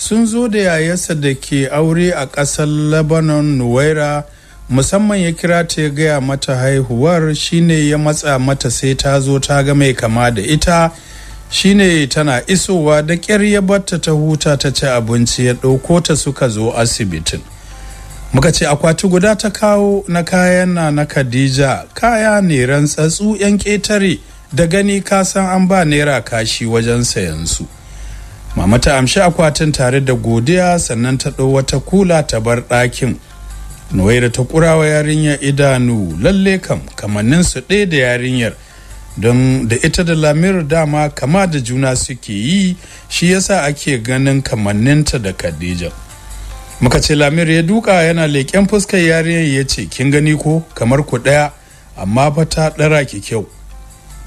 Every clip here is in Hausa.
sun zo da yayarsa da ke aure a ƙasar lebanon nuwaira musamman ya kira ta ya gaya mata haihuwar shine ya matsa mata sai ta zo ta ga mai kama da ita shine tana isowa da ƙyar ya batta ta huta ta ci abinci ya ɗauko ta suka zo asibitin muka ce akwati guda ta kawo na kayan na na khadija kaya ne rantsatsu 'yan ƙetare da gani kasan an ba naira kashi wajen sayansu. su mama ta amshi akwatin tare da godiya sannan ta ɗau wata kula ta bar ɗakin nuwaira ta kurawa yarinya idanu lalle kam kamannin su ɗaya da yarinyar don da ita da lamiru dama kama da juna suke yi shi yasa ake ganin kamanninta da khadija muka ce lamiru ya duka yana leƙen fuskar yarinyar ya ce kin gani ko kamar ku ɗaya amma fa ta ɗara ki kyau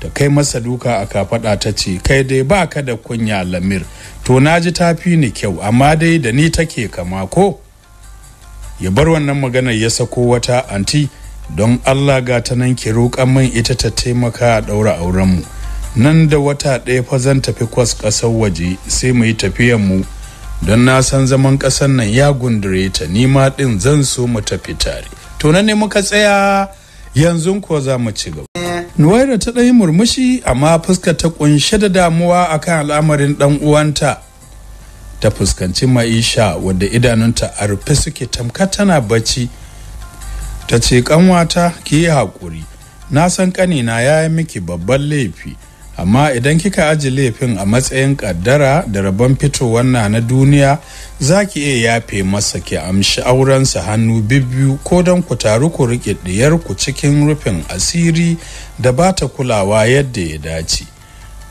ka kai masa duka a kafaɗa ta ce kai dai ba ka da kunya lamir to na ji tafi ni kyau amma dai da ni take kama ko ya bar wannan maganar ya sako wata anti don allah ga ta nan ki roƙan min ita ta taimaka a ɗaura aurenmu nan da wata ɗaya fa zan tafi kwas ƙasar waje sai mu yi tafiyanmu don na san zaman ƙasar nan ya gundure ta ni ma ɗin zan so mu tafi tare to nan ne muka tsaya yanzu ko za mu ci gaba nuwaira ta ɗan murmushi amma fuska ta kunshe da damuwa akan al'amarin ɗan uwanta ta fuskanci maisha wadda idanunta a rufe suke tamka tana bacci ta ce kanwata ki yi haƙuri na san ƙanina ya yi miki babban laifi amma idan kika aji laifin a matsayin kaddara da rabon fitowar na na duniya za ki iya yafe masa ki amshi aurensa hannu bibbiyu ko don ku taru ku riƙe ku cikin rufin asiri da ba ta kulawa yadda ya dace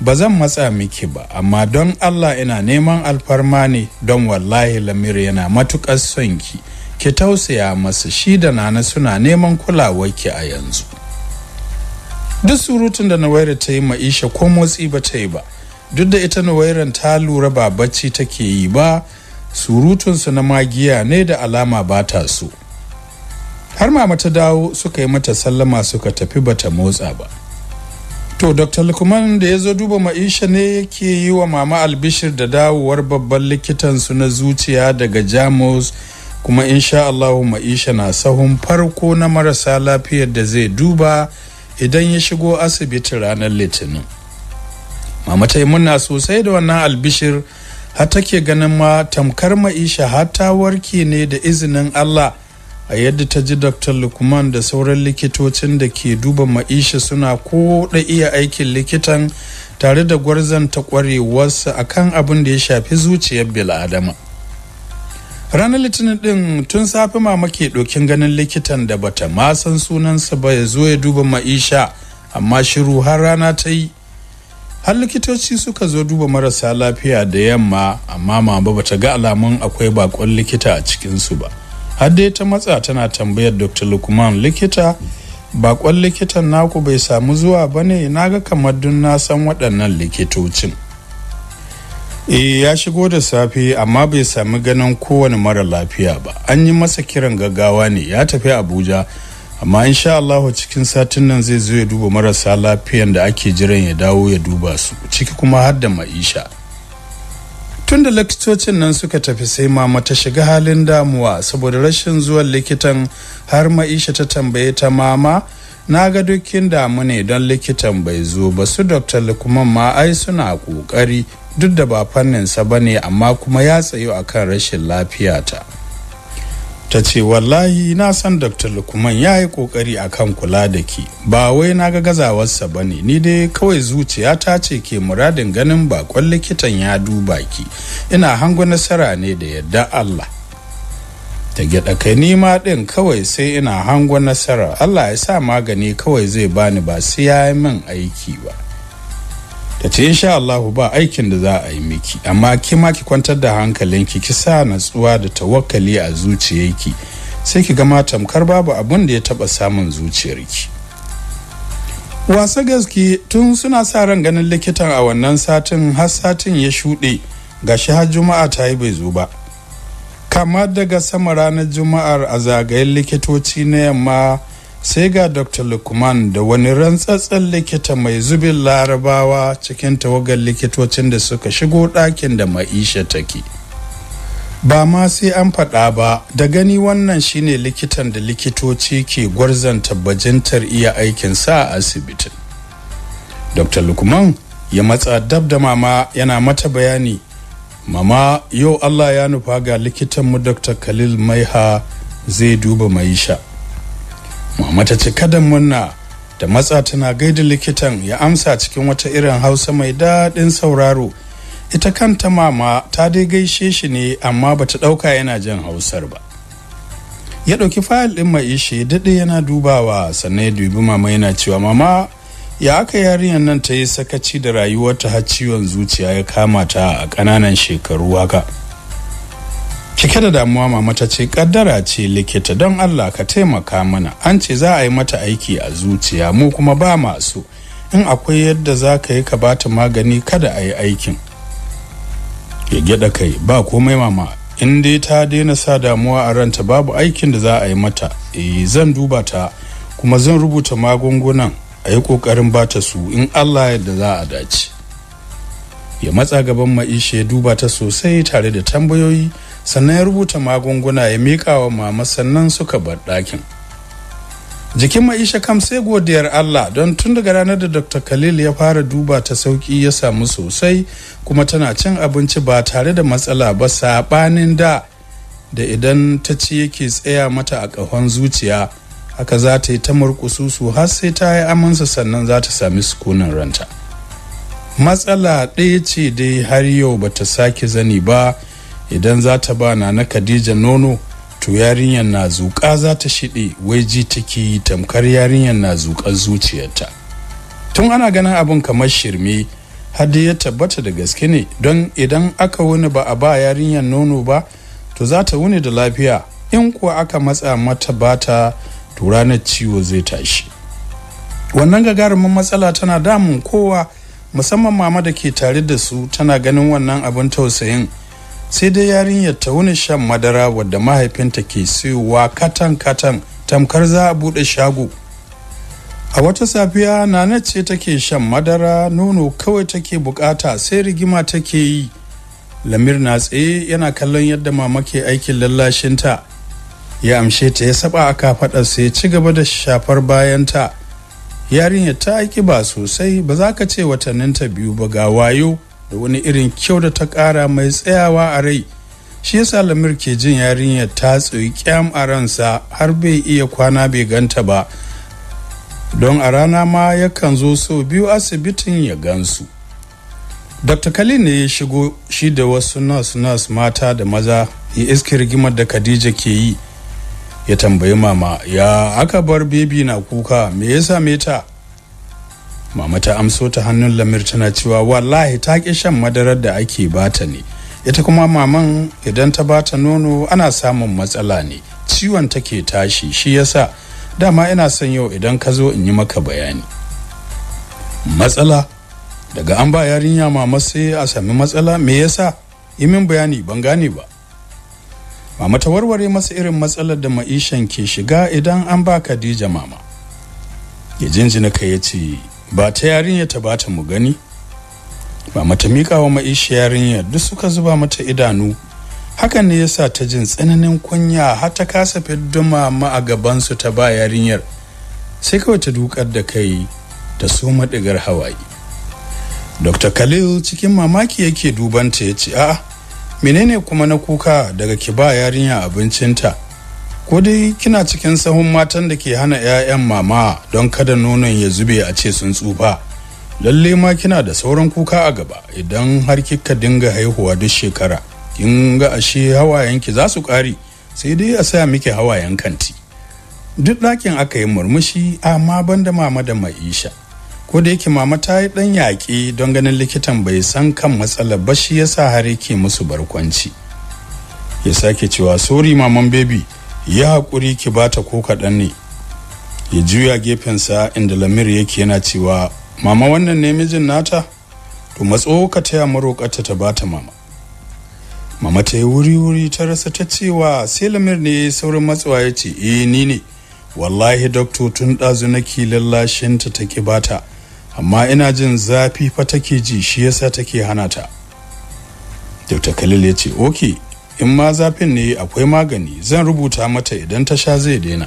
ba zan matsa miki ba amma don allah ina neman alfarma ne don wallahi lamir yana matuƙar son ki ki tausaya masa shi da nana suna neman kulawarki a yanzu duk surutun da nawaira ta yi ma'isha ko motsi ba ta yi ba duk da ita nawairan ta lura ba bacci take yi ba surutunsu na magiya ne da alama ba ta so har mama ta dawo suka yi mata sallama suka tafi bata motsa ba to dr lukman da ya zo duba ma'isha ne yake yi wa mama albishir da dawowar babban likitansu na zuciya daga jamus kuma insha allahu ma'isha na sahun farko na marasa lafiyar da zai duba idan ya shigo asibiti ranar litinin mama ta yi sosai da wannan albishir har take ganin ma tamkar ma'isha har ta warke ne da izinin allah a yadda ta ji dr lukman da sauran likitocin da ke duba ma'isha suna ko da iya aikin likitan tare da gwarzanta kwarewarsa akan abin da ya shafi zuciyar bil'adama. ranar litinin din tun safe mama ke dokin ganin likitan da bata ma san sunansa ba ya zo ya duba maisha amma shiru har rana ta yi har likitoci suka zo duba marasa lafiya da yamma amma mama bata ga alamun akwai bakon likita a cikinsu ba har dai ta matsa tana tambayar dr lukman likita bakon likitan naku bai samu zuwa ba ne na ga kamar dun na san waɗannan likitocin e ya shigo da safe amma bai sami ganin kowane mara lafiya ba an yi masa kiran gaggawa ne ya tafi abuja amma insha allahu cikin satin nan zai zo ya duba marasa lafiyan da ake jiran ya dawo ya duba su ciki kuma har da maisha tun da likitocin nan suka tafi sai mama ta shiga halin damuwa saboda rashin zuwan likitan har maisha ta tambaye ta mama na ga dukkin damu ne don likitan bai zo ba su dr lukman ma ai suna kokari duk da ba fanninsa ba ne amma kuma ya tsayo akan rashin lafiyata ta ce wallahi na san dr lukman ya yi kokari a kan kula da ki ba wai na ga gazawarsa ba ne ni dai kawai zuciya ta ce ke muradin ganin bakon likitan ya duba ki ina hango nasara ne da yadda allah ta gyaɗa kai ma din kawai sai ina hango nasara allah ya sa magani kawai zai bani ba sai ya yi min aiki ba ta ce insha allahu ba aikin da za a yi miki amma ki ma ki kwantar da hankalinki ki sa natsuwa da tawakkali a zuciyarki sai ki gama tamkar babu abun da ya taba samun zuciyarki wasa gaske tun suna sa ran ganin likitan a wannan satin har satin ya shuɗe gashi har juma'a ta yi bai zo ba kama daga sama ranar juma'ar a zagayen likitoci na yamma sai ga dr lukman da wani rantsatsen likita mai zubin larabawa cikin tawagar likitocin da suka shigo ɗakin da maisha take ba ma sai an faɗa ba da gani wannan shine likitan da likitoci ke gwarzanta bajintar iya aikinsa a asibitin dr lukman ya matsa dab da mama yana mata bayani mama yau allah ya nufa ga likitanmu dr khalil maiha zai duba maisha mama ta ci kadan munna da matsa tana gaida likitan ya amsa cikin wata irin hausa mai daɗin sauraro ita kanta mama ta dai gaishe shi ne amma bata ɗauka yana jan hausar ba ya ɗauki fayil ɗin mai ishe daɗe yana dubawa sannan ya dubi mama yana cewa mama ya aka yarinyar nan ta yi sakaci da rayuwarta har ciwon zuciya ya kama ta a ƙananan shekaru haka cike da damuwa mama ta ce kaddara ce likita don allah ka taimaka mana an ce za a yi mata aiki a zuciya mu kuma ba masu in akwai yadda za ka yi ka bata magani kada a yi aikin ya gyada kai ba komai mama in dai ta daina sa damuwa a ranta babu aikin da za a yi mata e, zan duba ta kuma zan rubuta magungunan a yi kokarin bata su in allah yadda za a dace ya matsa gaban ma'ishe duba ta sosai tare da tambayoyi sannan ya rubuta magunguna ya miƙa wa mama sannan suka bar ɗakin jikin maisha kam sai godiyar allah don tun daga ranar da dr khalil ya fara duba ta sauki ya samu sosai kuma tana cin abinci ba tare da matsala ba saɓanin da da idan ta ci yake tsaya mata a ƙahon zuciya haka za ta yi ta murƙususu har sai ta yi amansa sannan za ta sami sukunin ranta matsala ɗaya ce dai har yau ba ta sake zani ba idan za ta ba na na khadija nono to yarinyar na zuƙa za ta shiɗe wai ji take tamkar yarinyar na zuƙar zuciyarta tun ana ganin abin kamar shirme har ya tabbata da gaske ne don idan aka wuni ba a ba yarinyar nono ba to za ta wuni da lafiya in kuwa aka matsa mata bata to ranar ciwo zai tashi wannan gagarumin matsala tana damun kowa musamman mama da ke tare da su tana ganin wannan abin tausayin sai dai yarinyar ta wuni shan madara wadda mahaifinta ke siyowa katan-katan tamkar za a buɗe shago a wata safiya nana ce take shan madara nono kawai take bukata sai rigima take yi lamir na tsaye yana kallon yadda mama ke aikin lallashinta ya amshe ta ya saba a kafaɗar sai ci gaba da shafar bayanta yarinyar ta aiki ba sosai ba za ka ce watanninta biyu ba ga wayo da wani irin kyau da ta kara mai tsayawa a rai shi yasa lamir ke jin yarinyar ta tsoyi kyam a ransa har bai iya kwana bai ganta ba don a rana ma yakan zo sau biyu asibitin ya gansu dr kalin ne ya shigo shi da wasu nas nas mata da maza ya iske rigimar da khadija ke yi ya tambayi mama ya aka bar bebi na kuka me ya meta ta mama ta amso ta hannun lamir tana cewa wallahi ta ƙi shan madarar da ake bata ne ita kuma maman idan ta bata nono ana samun matsala ne ciwon take tashi shi yasa dama ina son yau idan ka zo in yi maka bayani matsala daga an ba yarinya mama sai a sami matsala me yasa yi min bayani ban gane ba mama ta warware masa irin matsalar da ma'ishan ke shiga idan an ba Khadija mama ya jinjina ka ya ce ba ta yarinya ta bata mu gani ba mata miƙawa wa ma'ishi yarinya duk suka zuba mata idanu hakan ne yasa ta jin tsananin kunya har ta kasa fidduma ma a gabansu ta ba yarinyar sai kawai ta dukar da kai da su maɗigar hawaye dr khalil cikin mamaki yake dubanta ya ce a'a menene kuma na kuka daga ki ba yarinya abincinta ko dai kina cikin sahun matan da ke hana 'ya'yan mama don kada nonon ya zube a ce sun tsufa lalle ma kina da sauran kuka a gaba idan har kika dinga haihuwa duk shekara kin ga ashe hawayenki za su ƙari, sai dai a saya miki hawayen kanti duk ɗakin aka yi murmushi amma banda mama da maisha ko da yake mama ta yi ɗan yaƙi don ganin likitan bai san kan matsalar ba shi yasa har yake musu barkwanci ya sake cewa sori maman baby ya hakuri ki bata ko kaɗan ne ya juya gefensa inda lamir yake yana cewa mama wannan ne mijin nata to matso ka taya maroƙarta ta bata mama mama ta yi wuri-wuri ta rasa ta cewa sai lamir ne saurin matsuwa ya ce eh ni ne wallahi doctor tun ɗazu nake lallashin ta ki bata amma ina jin zafi fa take ji shi yasa take hana ta dr khalil ya ce okay in ma zafin ne akwai magani zan rubuta mata idan ta sha zai daina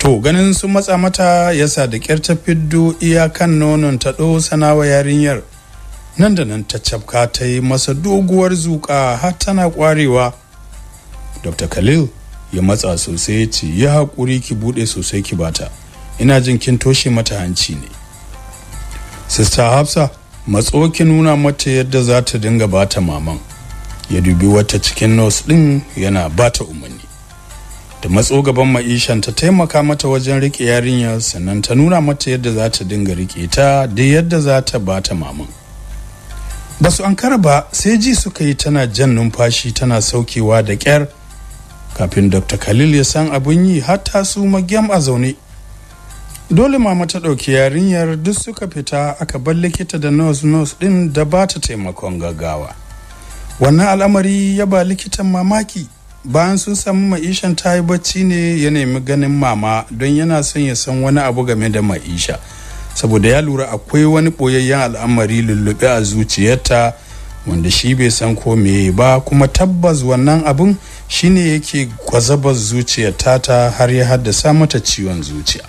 to ganin sun matsa mata yasa da ƙyar ta fiddo iyakan nonon ta ɗo sanawa yarinyar nan da nan ta cafka ta yi masa doguwar zuƙa har tana ƙwarewa dr khalil ya matsa sosai ya ce ya haƙuri ki buɗe sosai ki bata ina jin kin toshe mata hanci ne sista hafsa matso ki nuna mata yadda za ta dinga bata maman ya dubi wata cikin nos ɗin yana bata umarni da matso gaban ma'ishan ta taimaka mata wajen rike yarinyar sannan ta nuna mata yadda za ta dinga rike ta da yadda za ta bata maman ba su ankara ba sai ji suka yi tana jan numfashi tana saukewa da ƙyar kafin dr khalil ya san abun yi har ta su magyam a zaune dole mama ta ɗauki yarinyar duk suka fita aka bar likita da nose nose ɗin da ba ta taimakon gaggawa wannan al'amari ya ba likitan mamaki bayan sun samu ma'ishan ta yi bacci ne ya nemi ganin mama don yana son ya san wani abu game da ma'isha saboda ya lura akwai wani ɓoyayyen al'amari lullube a zuciyarta wanda shi bai san ko me ba kuma tabbas wannan abun shine yake gwazabar zuciyarta ta har ya haddasa mata ciwon zuciya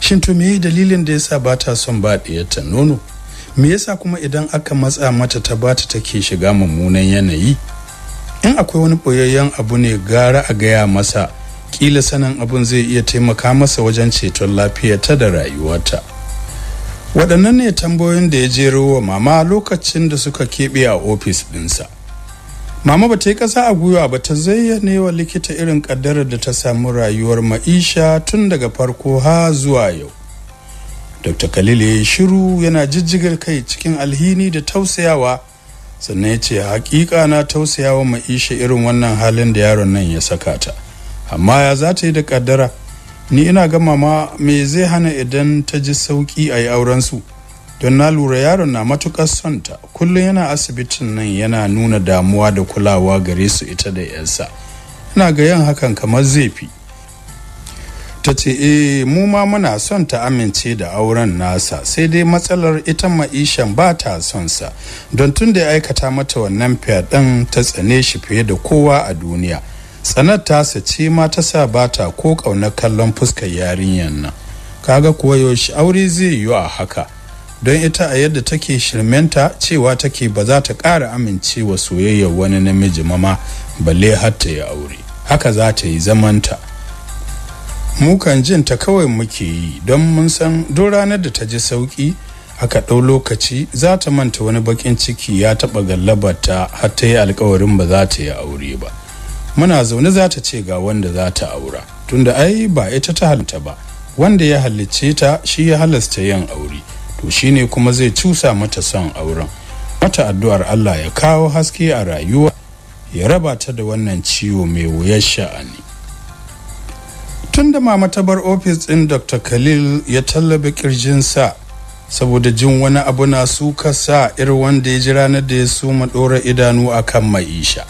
shin to meye dalilin da yasa ba ta son ba ɗiyarta nono me yasa kuma idan aka matsa mata ta bata take shiga mummunan yanayi in akwai wani boyayyen abu ne gara a gaya masa kila sanin abun zai iya taimaka masa wajen ceton lafiyarta da rayuwarta waɗannan ne tambayoyin da ya jero wa mama lokacin da suka keɓe a ofis ɗinsa mama ba ta yi ƙasa a gwiwa ba ta zayyane wa likita irin ƙaddarar da ta samu rayuwar ma'isha tun daga farko ha zuwa yau dr khalil ya shiru yana jijjigar kai cikin alhini da tausayawa sannan ya ce hakika na tausayawa ma'isha irin wannan halin da yaron nan ya saka ta amma ya za ta yi da kaddara ni ina ga mama me zai hana idan ta ji sauki a yi aurensu don na lura yaron na matukar son ta kullum yana asibitin nan yana nuna damuwa da kulawa gare su ita da 'yansa ina ga yin hakan kamar zai fi ta ce eh mu ma muna son ta amince da auren nasa sai dai matsalar ita ma'ishan ba ta son sa don tun da ya aikata mata wannan fyaɗen ta tsane shi fiye da kowa a duniya tsanar tasa ce ma ta sa ba ta ko ƙauna kallon fuskar yarinyar nan kaga kuwa yaushe aure zai yiwu a haka don ita a yadda take shirmenta cewa take ba za ta ƙara amincewa soyayyar wani namiji mama balle har ta yi aure haka za ta yi zamanta mukan jin ta kawai muke yi don mun san duk ranar da ta ji sauki aka ɗau lokaci za ta manta wani bakin ciki ya taɓa gallabarta har ta yi alkawarin ba za ta yi aure ba muna zaune za ta ce ga wanda za ta aura tunda ai ba ita ta halitta ba wanda ya halicce ta shi ya halasta yin aure to shine kuma zai cusa mata son auren mata addu'ar Allah ya kawo haske a rayuwa ya raba ta da wannan ciwo mai wuyar sha'ani tun da mama ta bar ofis ɗin dr khalil ya tallabe kirjinsa saboda jin wani abu na suka sa irin wanda ya ji ranar da ya suma ɗora idanu a kan ma'isha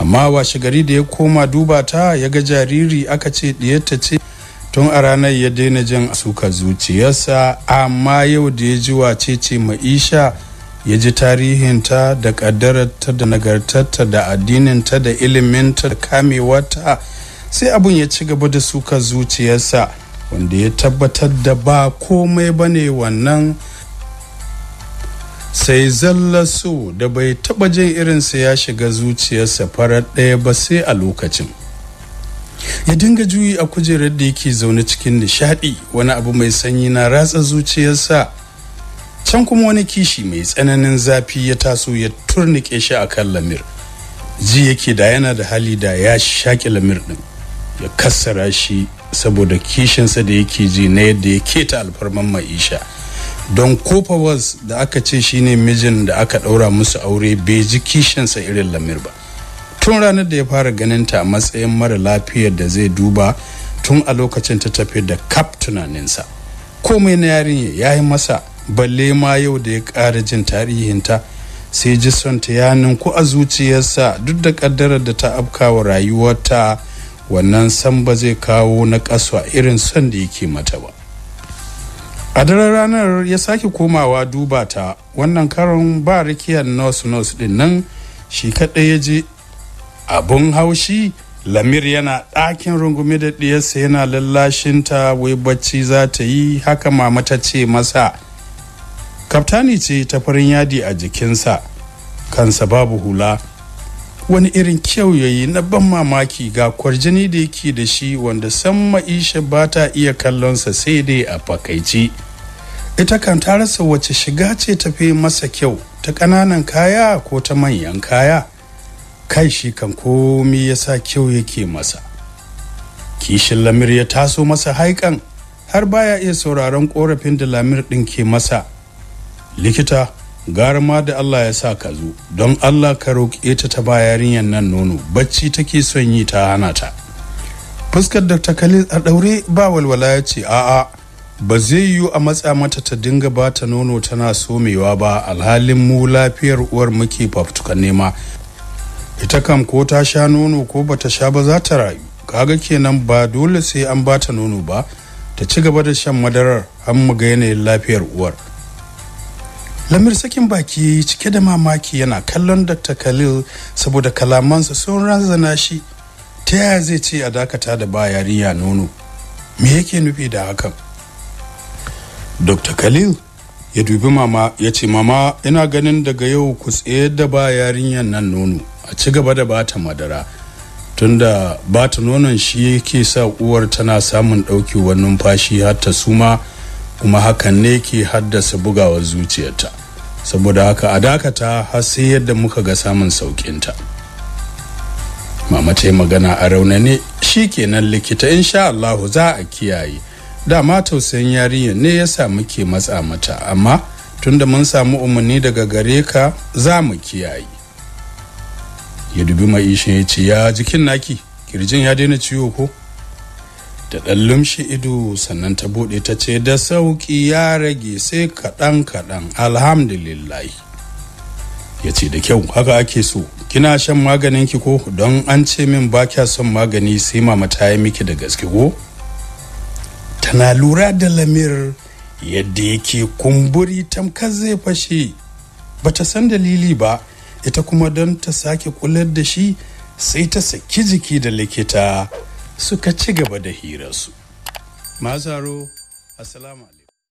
amma washe gari da ya koma duba ta ya ga jariri aka ce ɗiyarta ce tun a ranar ya daina jin suka zuciyarsa amma yau da ya ji wace ce ma'isha ya ji tarihinta da ƙaddararta da nagartarta da addininta da iliminta da kamewarta sai abun ya ci gaba da suka zuciyarsa wanda ya tabbatar da ba komai ba ne wannan sai zalla so da bai taba jin irinsa ya shiga zuciyarsa farar ɗaya ba sai a lokacin ya dinga juyi a kujerar da yake zaune cikin nishadi wani abu mai sanyi na ratsa zuciyarsa can kuma wani kishi mai tsananin zafi ya taso ya turnike shi a kan lamir ji yake da yana da hali da ya shaƙi lamir ɗin ya kassara shi saboda kishinsa da yake ji na yadda ya keta alfarman ma'isha don kofawas da aka ce shine mijin da aka ɗaura musu aure bai ji kishinsa irin lamir ba tun ranar da ya fara ganin ta a matsayin mara lafiyar da zai duba tun a lokacin ta tafi da kap tunaninsa komai na yarin ya yi masa balle ma yau da ya ƙara jin tarihinta sai ji son ta ya ninku a zuciyarsa duk da ƙaddarar da ta afkawa rayuwarta wannan san ba zai kawo na ƙasa irin son da yake mata ba a daren ranar ya sake komawa duba ta wannan karon ba rikiyar nos nos din nan shi kaɗai ya je abun haushi lamir yana ɗakin rungume da ɗiyarsa yana lallashin ta wai bacci za ta yi haka mama ta ce masa kaftani ce ta farin yadi a jikinsa kansa babu hula wani irin kyau yayi na ban mamaki ga kwarjini da yake da shi wanda san ma'isha ba ta iya kallonsa sai dai a fakaici ita kan ta rasa wace shiga ce ta fi masa kyau ta ƙananan kaya ko ta manyan kaya kai shi kan komi ya sa kyau yake masa kishin lamir ya taso masa haikan har baya iya sauraron korafin da lamir ɗin ke masa likita gara da Allah ya sa ka zo don Allah ka roƙe ta ta ba yarinyar nan nono bacci take son yi ta hana ta fuskar da takalin a ɗaure ba walwala ya ce a'a ba zai yiwu a matsa mata ta dinga ba ta nono tana somewa ba alhalin mu lafiyar uwar muke fafutukan nema ita kam ko ta sha nono ko ba ta sha ba za ta rayu kaga kenan ba dole sai an ba ta nono ba ta ci gaba da shan madarar har mu ga yanayin lafiyar uwar lamir sakin baki cike da mamaki yana kallon dr khalil saboda kalamansa sun ranzana shi ta yaya zai ce a dakata da ba yarinya nono me yake nufi da hakan dr khalil ya dubi mama ya ce mama ina ganin daga yau ku tsayar da ba yarinyar nan nono a ci gaba da bata madara tunda bata nonon shi yake sa uwar tana samun ɗaukewar numfashi har ta suma kuma hakan ne ke haddasa bugawar zuciyarta saboda haka a dakata har sai yadda muka ga samun saukinta mama ta magana a raunane kenan likita insha Allahu za a kiyaye dama tausayin yarinyar ne ya sa muke matsa mata amma tunda mun samu umarni daga gare ka za mu kiyaye ya dubi mai ishe ya ce ya jikin naki kirjin ya daina ciwo ko ta ɗan lumshi ido sannan ta buɗe ta ce da sauƙi ya rage sai kaɗan kaɗan alhamdulillah ya ce da kyau haka ake so kina shan maganin ki ko don an ce min ba kya son magani sai mama ta yi miki da gaske ko tana lura da lamir yadda yake kumburi tamkar zai fashe Ba ta san dalili ba ita kuma don ta sake kular da shi sai ta saki jiki da likita suka ci gaba da su. Mazaro, Assalamu alaikum.